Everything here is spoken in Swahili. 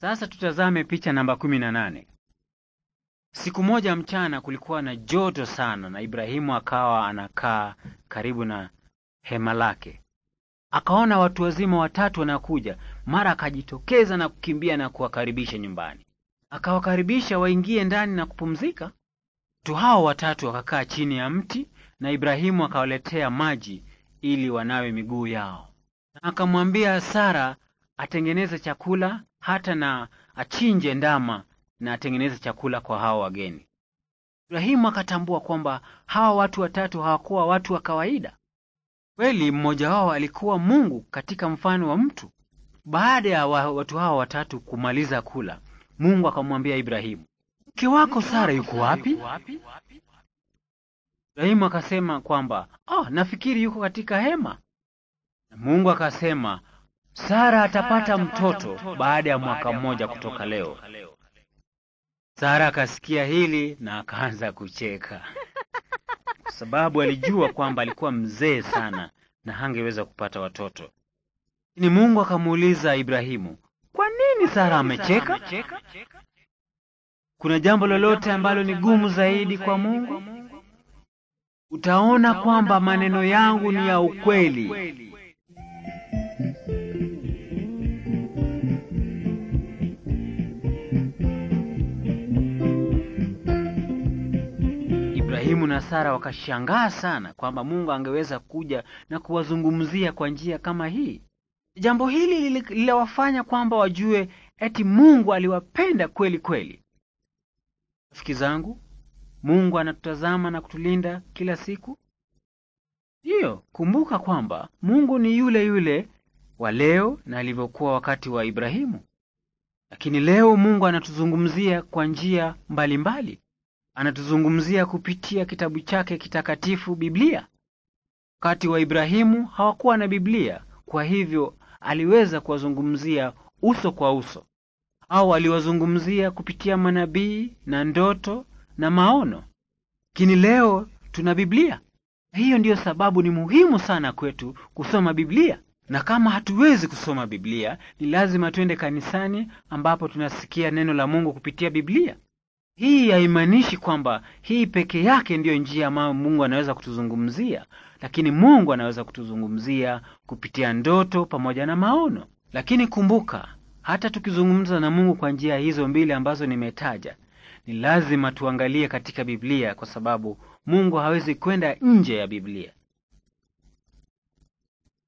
Sasa tutazame picha namba kumi na nane. Siku moja mchana kulikuwa na joto sana, na Ibrahimu akawa anakaa karibu na hema lake. Akaona watu wazima watatu wanakuja, mara akajitokeza na kukimbia na kuwakaribisha nyumbani. Akawakaribisha waingie ndani na kupumzika. Watu hao watatu wakakaa chini ya mti, na Ibrahimu akawaletea maji ili wanawe miguu yao, na akamwambia Sara atengeneze chakula hata na achinje ndama na atengeneze chakula kwa hawa wageni. Ibrahimu akatambua kwamba hawa watu watatu hawakuwa watu wa kawaida. Kweli mmoja wao alikuwa Mungu katika mfano wa mtu. Baada ya watu hawa watatu kumaliza kula, Mungu akamwambia Ibrahimu, mke wako Sara yuko wapi? Ibrahimu akasema kwamba oh, nafikiri yuko katika hema. Na Mungu akasema Sara atapata mtoto baada ya mwaka mmoja kutoka leo. Sara akasikia hili na akaanza kucheka kwa sababu alijua kwamba alikuwa mzee sana na hangeweza kupata watoto. Ni Mungu akamuuliza Ibrahimu, kwa nini Sara amecheka? Kuna jambo lolote ambalo ni gumu zaidi kwa Mungu? Utaona kwamba maneno yangu ni ya ukweli. na Sara wakashangaa sana kwamba Mungu angeweza kuja na kuwazungumzia kwa njia kama hii. Jambo hili liliwafanya kwamba wajue eti Mungu aliwapenda kweli kweli. Rafiki zangu, Mungu anatutazama na kutulinda kila siku. Ndiyo, kumbuka kwamba Mungu ni yule yule wa leo na alivyokuwa wakati wa Ibrahimu. Lakini leo Mungu anatuzungumzia kwa njia mbalimbali anatuzungumzia kupitia kitabu chake kitakatifu Biblia. Wakati wa Ibrahimu hawakuwa na Biblia, kwa hivyo aliweza kuwazungumzia uso kwa uso, au aliwazungumzia kupitia manabii na ndoto na maono. Lakini leo tuna Biblia. Hiyo ndiyo sababu ni muhimu sana kwetu kusoma Biblia, na kama hatuwezi kusoma Biblia, ni lazima tuende kanisani ambapo tunasikia neno la Mungu kupitia Biblia. Hii haimaanishi kwamba hii peke yake ndiyo njia ambayo Mungu anaweza kutuzungumzia, lakini Mungu anaweza kutuzungumzia kupitia ndoto pamoja na maono. Lakini kumbuka, hata tukizungumza na Mungu kwa njia hizo mbili ambazo nimetaja, ni lazima tuangalie katika Biblia, kwa sababu Mungu hawezi kwenda nje ya Biblia.